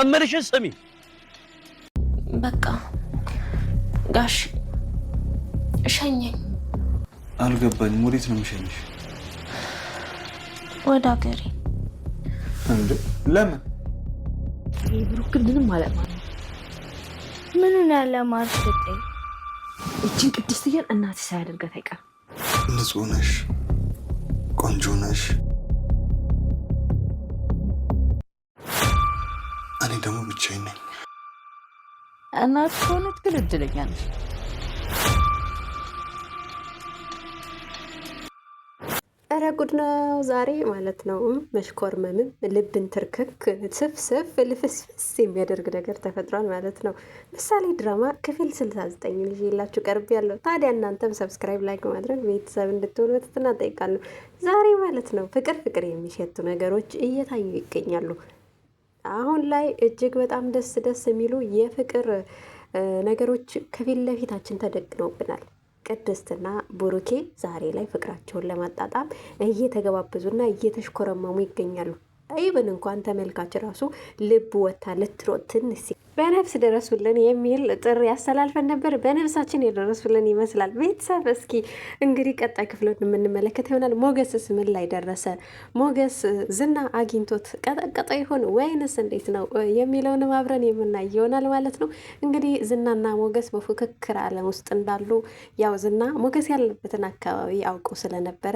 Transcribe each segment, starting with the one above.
እምልሽን ስሚ። በቃ ጋሽ እሸኘኝ። አልገባኝም። ወዴት ነው የምሸኝሽ? ወደ ሀገሬ። እንዴ ለምን? ይህ ብሩክ ግን ማለት ማለት ምኑን ያለ ማርፍጤ እችን ቅድስትዬን እናት ሳያደርጋት አይቀርም። ንጹህ ነሽ፣ ቆንጆ ነሽ። እኔ ደግሞ ብቻዬን ነኝ። እናት ከሆነች ግን እድለኛ ነች። ኧረ ጉድ ነው ዛሬ ማለት ነው። መሽኮርመምም ልብን ትርክክ ስፍስፍ ልፍስፍስ የሚያደርግ ነገር ተፈጥሯል ማለት ነው። ምሳሌ ድራማ ክፍል 69 ይዤላችሁ ቀርብ ያለው ታዲያ እናንተም ሰብስክራይብ፣ ላይክ ማድረግ ቤተሰብ እንድትሆኑ በትህትና እጠይቃለሁ። ዛሬ ማለት ነው ፍቅር ፍቅር የሚሸቱ ነገሮች እየታዩ ይገኛሉ። አሁን ላይ እጅግ በጣም ደስ ደስ የሚሉ የፍቅር ነገሮች ከፊት ለፊታችን ተደቅኖብናል። ቅድስትና ብሩኬ ዛሬ ላይ ፍቅራቸውን ለማጣጣም እየተገባበዙና እየተሽኮረመሙ ይገኛሉ። አይብን እንኳን ተመልካች ራሱ ልብ ወታ ልትሮጥ ትንሽ በነፍስ ደረሱልን የሚል ጥሪ ያስተላልፈን ነበር። በነፍሳችን የደረሱልን ይመስላል። ቤተሰብ እስኪ እንግዲህ ቀጣይ ክፍሎን የምንመለከት ይሆናል። ሞገስስ ምን ላይ ደረሰ? ሞገስ ዝና አግኝቶት ቀጠቀጠ ይሆን ወይንስ እንዴት ነው የሚለውንም አብረን የምናይ ይሆናል ማለት ነው። እንግዲህ ዝናና ሞገስ በፉክክር ዓለም ውስጥ እንዳሉ ያው ዝና ሞገስ ያለበትን አካባቢ አውቀው ስለነበረ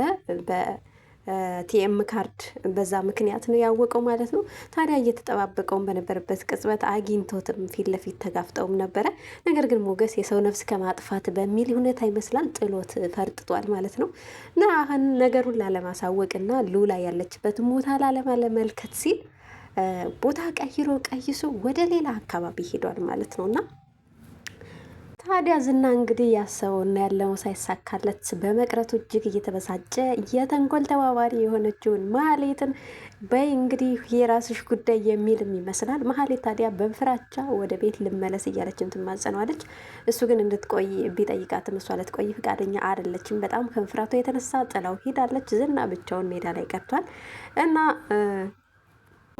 ቲኤም ካርድ በዛ ምክንያት ነው ያወቀው ማለት ነው። ታዲያ እየተጠባበቀውም በነበረበት ቅጽበት አግኝቶትም ፊት ለፊት ተጋፍጠውም ነበረ። ነገር ግን ሞገስ የሰው ነፍስ ከማጥፋት በሚል ሁኔታ ይመስላል ጥሎት ፈርጥጧል ማለት ነው እና አሁን ነገሩን ላለማሳወቅና ሉላ ያለችበት ቦታ ላለማለመልከት ሲል ቦታ ቀይሮ ቀይሶ ወደ ሌላ አካባቢ ሄዷል ማለት ነው እና ታዲያ ዝና እንግዲህ ያሰበውና ያለመው ሳይሳካለት በመቅረቱ እጅግ እየተበሳጨ የተንኮል ተባባሪ የሆነችውን መሀሌትን በይ እንግዲህ የራስሽ ጉዳይ የሚልም ይመስላል። መሀሌት ታዲያ በፍራቻ ወደ ቤት ልመለስ እያለችም ትማጸነዋለች። እሱ ግን እንድትቆይ ቢጠይቃትም እሷ ልትቆይ ፈቃደኛ አይደለችም። በጣም ከንፍራቷ የተነሳ ጥላው ሄዳለች። ዝና ብቻውን ሜዳ ላይ ቀርቷል እና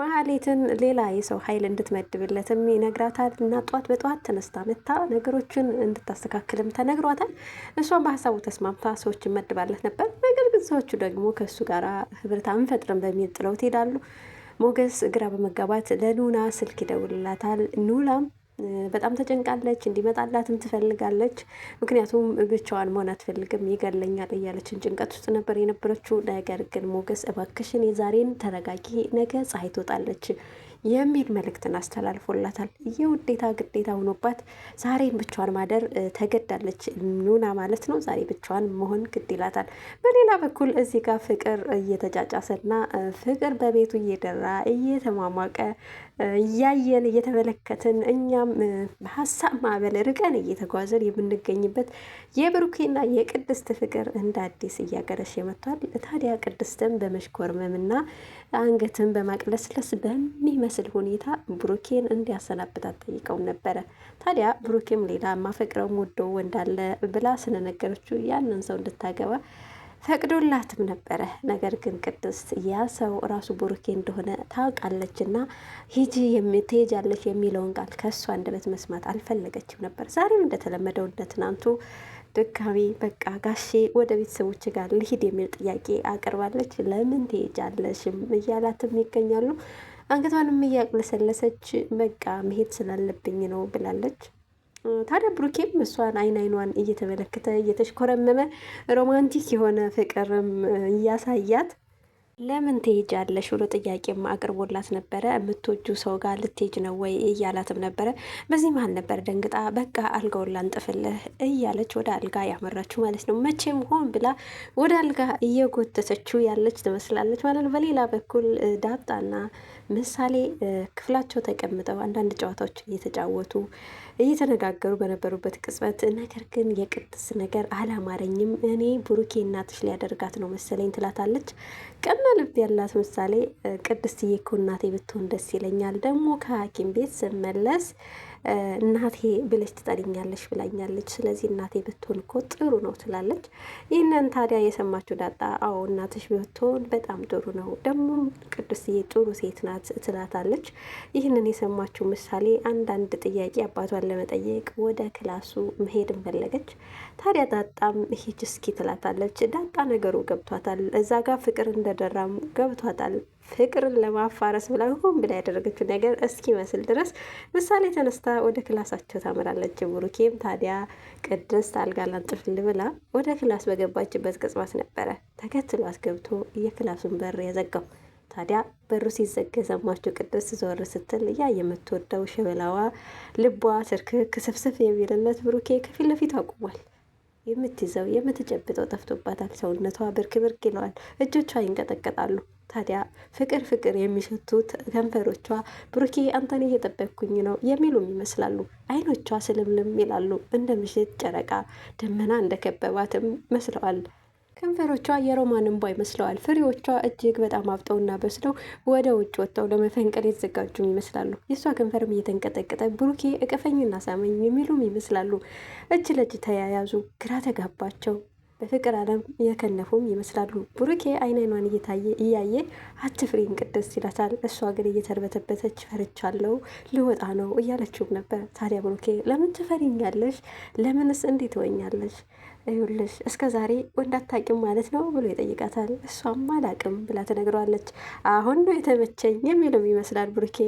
መሀሌትን ሌላ የሰው ኃይል እንድትመድብለትም ይነግራታል እና ጧት በጠዋት ተነስታ መታ ነገሮችን እንድታስተካክልም ተነግሯታል። እሷን በሀሳቡ ተስማምታ ሰዎችን መድባለት ነበር። ነገር ግን ሰዎቹ ደግሞ ከእሱ ጋር ህብረት አንፈጥርም በሚል ጥለው ሄዳሉ ሞገስ ግራ በመጋባት ለኑና ስልክ ይደውልላታል። ኑላም በጣም ተጨንቃለች። እንዲመጣላትም ትፈልጋለች። ምክንያቱም ብቻዋን መሆን አትፈልግም። ይገለኛል እያለችን ጭንቀት ውስጥ ነበር የነበረችው። ነገር ግን ሞገስ እባክሽን የዛሬን ተረጋጊ፣ ነገ ፀሐይ ትወጣለች የሚል መልእክትን አስተላልፎላታል። የውዴታ ግዴታ ሆኖባት ዛሬን ብቻዋን ማደር ተገዳለች። ኑና ማለት ነው ዛሬ ብቻዋን መሆን ግድ ይላታል። በሌላ በኩል እዚህ ጋር ፍቅር እየተጫጫሰና ፍቅር በቤቱ እየደራ እየተሟሟቀ እያየን እየተመለከትን እኛም በሀሳብ ማዕበል ርቀን እየተጓዘን የምንገኝበት የብሩኬና የቅድስት ፍቅር እንደ አዲስ እያገረሽ መጥቷል። ታዲያ ቅድስትን በመሽኮርመምና አንገትን በማቅለስለስ በሚመስል ሁኔታ ብሩኬን እንዲያሰናብታት ጠይቀው ነበረ። ታዲያ ብሩኬም ሌላ ማፈቅረው ወዶ ወንዳለ ብላ ስለነገረችው ያንን ሰው እንድታገባ ፈቅዶላትም ነበረ። ነገር ግን ቅድስት ያ ሰው ራሱ ቡሩኬ እንደሆነ ታውቃለች እና ሂጂ ትሄጃለች የሚለውን ቃል ከእሱ አንደበት መስማት አልፈለገችም ነበር። ዛሬም እንደተለመደው እንደ ትናንቱ ድጋሚ በቃ ጋሼ ወደ ቤተሰቦች ጋር ልሂድ የሚል ጥያቄ አቅርባለች። ለምን ትሄጃለሽም እያላትም ይገኛሉ። አንገቷንም እያቅለሰለሰች በቃ መሄድ ስላለብኝ ነው ብላለች። ታዲያ ብሩኬም እሷን አይን አይኗን እየተመለከተ እየተሽኮረመመ ሮማንቲክ የሆነ ፍቅርም እያሳያት ለምን ትሄጃለሽ ብሎ ጥያቄም አቅርቦላት ነበረ። የምትወጁ ሰው ጋር ልትሄጅ ነው ወይ እያላትም ነበረ። በዚህ መሀል ነበር ደንግጣ በቃ አልጋውን ላንጥፍልህ እያለች ወደ አልጋ ያመራችው ማለት ነው። መቼም ሆን ብላ ወደ አልጋ እየጎተተችው ያለች ትመስላለች ማለት ነው። በሌላ በኩል ዳጣና ምሳሌ ክፍላቸው ተቀምጠው አንዳንድ ጨዋታዎች እየተጫወቱ እየተነጋገሩ በነበሩበት ቅጽበት ነገር ግን የቅድስ ነገር አላማረኝም። እኔ ብሩኬ እናትሽ ሊያደርጋት ነው መሰለኝ ትላታለች ቀን ልብ ያላት ምሳሌ ቅድስትዬ እኮ እናቴ ብትሆን ደስ ይለኛል። ደግሞ ከሐኪም ቤት ስመለስ እናቴ ብለሽ ትጠሪኛለሽ ብላኛለች። ስለዚህ እናቴ ብትሆን እኮ ጥሩ ነው ትላለች። ይህንን ታዲያ የሰማችው ዳጣ አዎ እናትሽ ብትሆን በጣም ጥሩ ነው፣ ደግሞም ቅዱስዬ ጥሩ ሴት ናት ትላታለች። ይህንን የሰማችው ምሳሌ አንዳንድ ጥያቄ አባቷን ለመጠየቅ ወደ ክላሱ መሄድን ፈለገች። ታዲያ ዳጣም ይሄች እስኪ ትላታለች። ዳጣ ነገሩ ገብቷታል። እዛ ጋር ፍቅር እንደደራም ገብቷታል። ፍቅርን ለማፋረስ ብላ ሆን ብላ ያደረገችው ነገር እስኪመስል ድረስ ምሳሌ ተነስታ ወደ ክላሳቸው ታመራለች። ብሩኬም ታዲያ ቅድስት አልጋ ላንጥፍል ብላ ወደ ክላስ በገባችበት ቅጽበት ነበረ ተከትሎ አስገብቶ የክላሱን በር የዘጋው። ታዲያ በሩ ሲዘጋ የሰማችው ቅድስት ዞር ስትል ያ የምትወደው ሸበላዋ ልቧ ስርክክ ስፍስፍ የሚልለት ብሩኬ ከፊት ለፊቱ አቁሟል። የምትይዘው የምትጨብጠው ጠፍቶባታል። ሰውነቷ ብርክ ብርክ ይለዋል። እጆቿ ይንቀጠቀጣሉ። ታዲያ ፍቅር ፍቅር የሚሸቱት ከንፈሮቿ ብሩኬ አንተን እየጠበቅኩኝ ነው የሚሉም ይመስላሉ። አይኖቿ ስልምልም ይላሉ እንደ ምሽት ጨረቃ ደመና እንደከበባትም መስለዋል። ከንፈሮቿ የሮማን እንቧ ይመስለዋል። ፍሬዎቿ እጅግ በጣም አብጠውና በስለው ወደ ውጭ ወጥተው ለመፈንቀል የተዘጋጁም ይመስላሉ። የእሷ ከንፈርም እየተንቀጠቀጠ ብሩኬ እቅፈኝና ሳመኝ የሚሉም ይመስላሉ። እጅ ለእጅ ተያያዙ። ግራ ተጋባቸው። በፍቅር ዓለም እየከነፉም ይመስላሉ። ብሩኬ አይን አይኗን እየታየ እያየ አትፍሪን ቅድስት ይላታል። እሷ ግን እየተርበተበተች ፈርቻለሁ፣ ልወጣ ነው እያለችውም ነበር። ታዲያ ብሩኬ ለምን ትፈሪኛለሽ? ለምንስ እንዴት ወኛለሽ? እዩልሽ እስከ ዛሬ ወንድ አታውቂም ማለት ነው ብሎ ይጠይቃታል። እሷም አላውቅም ብላ ትነግረዋለች። አሁን ነው የተመቸኝ የሚልም ይመስላል ብሩኬ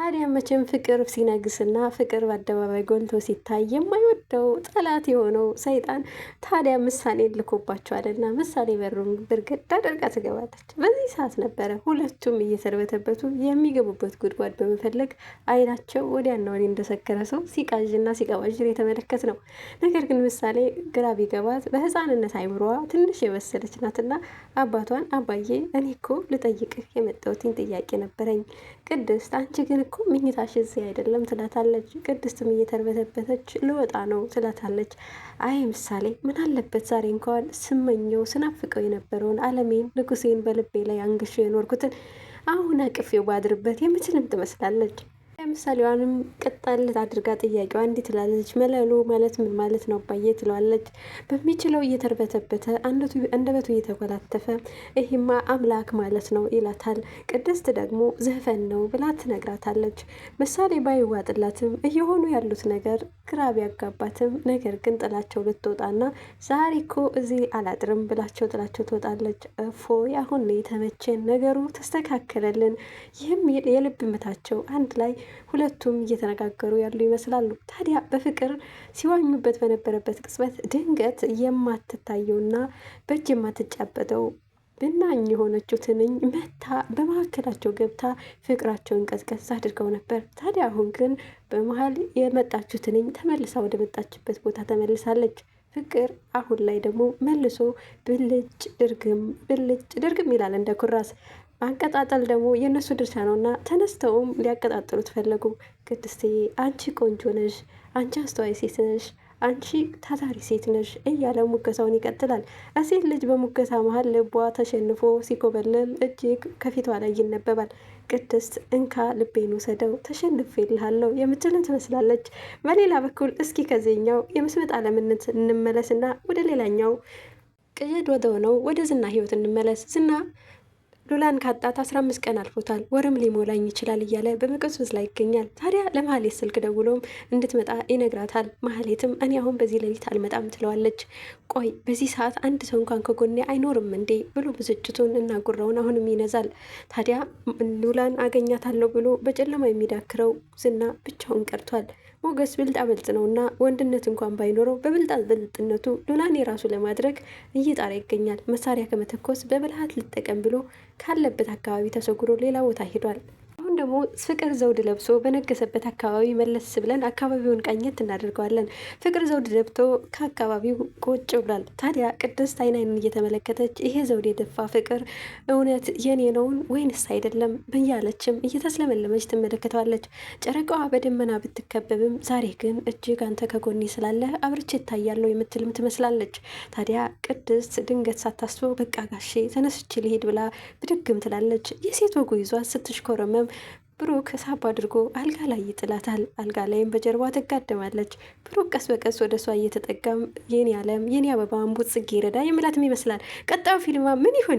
ታዲያ መቼም ፍቅር ሲነግስና ፍቅር በአደባባይ ጎልቶ ሲታይ የማይወደው ጠላት የሆነው ሰይጣን ታዲያ ምሳሌ ልኮባቸዋል ና ምሳሌ በሩን ብርግድ አድርጋ ትገባለች። በዚህ ሰዓት ነበረ ሁለቱም እየተርበተበቱ የሚገቡበት ጉድጓድ በመፈለግ አይናቸው ወዲያና ወዲህ እንደሰከረ ሰው ሲቃዥና ሲቀባዥር የተመለከት ነው። ነገር ግን ምሳሌ ግራ ቢገባት በህፃንነት አይምሯ ትንሽ የበሰለች ናትና አባቷን አባዬ እኔ እኮ ልጠይቅህ የመጣሁትን ጥያቄ ነበረኝ። ቅድስት አንቺ ግን እኮ ምኝታሽ እዚህ አይደለም ትላታለች። ቅድስትም እየተርበተበተች ልወጣ ነው ትላታለች። አይ ምሳሌ ምን አለበት ዛሬ እንኳን ስመኘው ስናፍቀው የነበረውን አለሜን ንጉሴን በልቤ ላይ አንግሾ የኖርኩትን አሁን አቅፌው ባድርበት የምችልም ትመስላለች። ምሳሌዋንም ቅጠል አድርጋ ጥያቄዋ እንዲህ ትላለች። መለሉ ማለት ምን ማለት ነው ባየ ትለዋለች። በሚችለው እየተርበተበተ አንደበቱ እየተኮላተፈ ይሄማ አምላክ ማለት ነው ይላታል። ቅድስት ደግሞ ዘፈን ነው ብላ ትነግራታለች። ምሳሌ ባይዋጥላትም እየሆኑ ያሉት ነገር ግራ ቢያጋባትም ነገር ግን ጥላቸው ልትወጣና ዛሬ እኮ እዚህ አላድርም ብላቸው ጥላቸው ትወጣለች። ፎ ያሁን የተመቸን ነገሩ ተስተካከለልን። ይህም የልብ ምታቸው አንድ ላይ ሁለቱም እየተነጋገሩ ያሉ ይመስላሉ። ታዲያ በፍቅር ሲዋኙበት በነበረበት ቅጽበት ድንገት የማትታየውና በእጅ የማትጫበጠው ብናኝ የሆነችው ትንኝ መታ በመካከላቸው ገብታ ፍቅራቸውን ቀዝቀዝ አድርገው ነበር። ታዲያ አሁን ግን በመሀል የመጣችው ትንኝ ተመልሳ ወደ መጣችበት ቦታ ተመልሳለች። ፍቅር አሁን ላይ ደግሞ መልሶ ብልጭ ድርግም ብልጭ ድርግም ይላል እንደ ኩራስ አቀጣጠል ደግሞ የእነሱ ድርሻ ነው እና ተነስተውም ሊያቀጣጥሉት ፈለጉ። ቅድስትዬ አንቺ ቆንጆ ነሽ፣ አንቺ አስተዋይ ሴት ነሽ፣ አንቺ ታታሪ ሴት ነሽ እያለ ሙገሳውን ይቀጥላል። እሴት ልጅ በሙገሳ መሀል ልቧ ተሸንፎ ሲኮበልል እጅግ ከፊቷ ላይ ይነበባል። ቅድስት እንካ ልቤን ውሰደው ተሸንፌልሃለሁ የምትልን ትመስላለች። በሌላ በኩል እስኪ ከዚህኛው የመስመጥ አለምነት እንመለስና ወደ ሌላኛው ቅየድ ወደ ሆነው ወደ ዝና ህይወት እንመለስ። ዝና ሉላን ካጣት 15 ቀን አልፎታል፣ ወርም ሊሞላኝ ይችላል እያለ በመቀስበስ ላይ ይገኛል። ታዲያ ለመሀሌት ስልክ ደውሎም እንድትመጣ ይነግራታል። መሀሌትም እኔ አሁን በዚህ ሌሊት አልመጣም ትለዋለች። ቆይ በዚህ ሰዓት አንድ ሰው እንኳን ከጎኔ አይኖርም እንዴ ብሎ ብስጭቱን እና ጉራውን አሁንም ይነዛል። ታዲያ ሉላን አገኛታለሁ ብሎ በጨለማ የሚዳክረው ዝና ብቻውን ቀርቷል። ሞገስ ብልጣ በልጥ ነው እና ወንድነት እንኳን ባይኖረው በብልጣ በልጥነቱ ሉላን የራሱ ለማድረግ እየጣራ ይገኛል። መሳሪያ ከመተኮስ በብልሃት ልጠቀም ብሎ ካለበት አካባቢ ተሰጉሮ ሌላ ቦታ ሂዷል። ደግሞ ፍቅር ዘውድ ለብሶ በነገሰበት አካባቢ መለስ ብለን አካባቢውን ቃኘት እናደርገዋለን። ፍቅር ዘውድ ለብቶ ከአካባቢው ቁጭ ብሏል። ታዲያ ቅድስት አይን አይኑን እየተመለከተች ይሄ ዘውድ የደፋ ፍቅር እውነት የኔ ነውን ወይንስ አይደለም ብያለችም እየተስለመለመች ትመለከተዋለች። ጨረቃዋ በደመና ብትከበብም ዛሬ ግን እጅግ አንተ ከጎኔ ስላለ አብርቼ እታያለሁ የምትልም ትመስላለች። ታዲያ ቅድስት ድንገት ሳታስበው በቃ ጋሼ ተነስቼ ልሄድ ብላ ብድግም ትላለች። የሴት ወጉ ይዟት ስትሽኮረመም ብሩክ ሳብ አድርጎ አልጋ ላይ ይጥላታል። አልጋ ላይም በጀርባ ትጋደማለች። ብሩክ ቀስ በቀስ ወደ እሷ እየተጠጋም የኔ አለም የኔ አበባ እምቡጥ ይረዳ የምላትም ይመስላል። ቀጣዩ ፊልማ ምን ይሆን?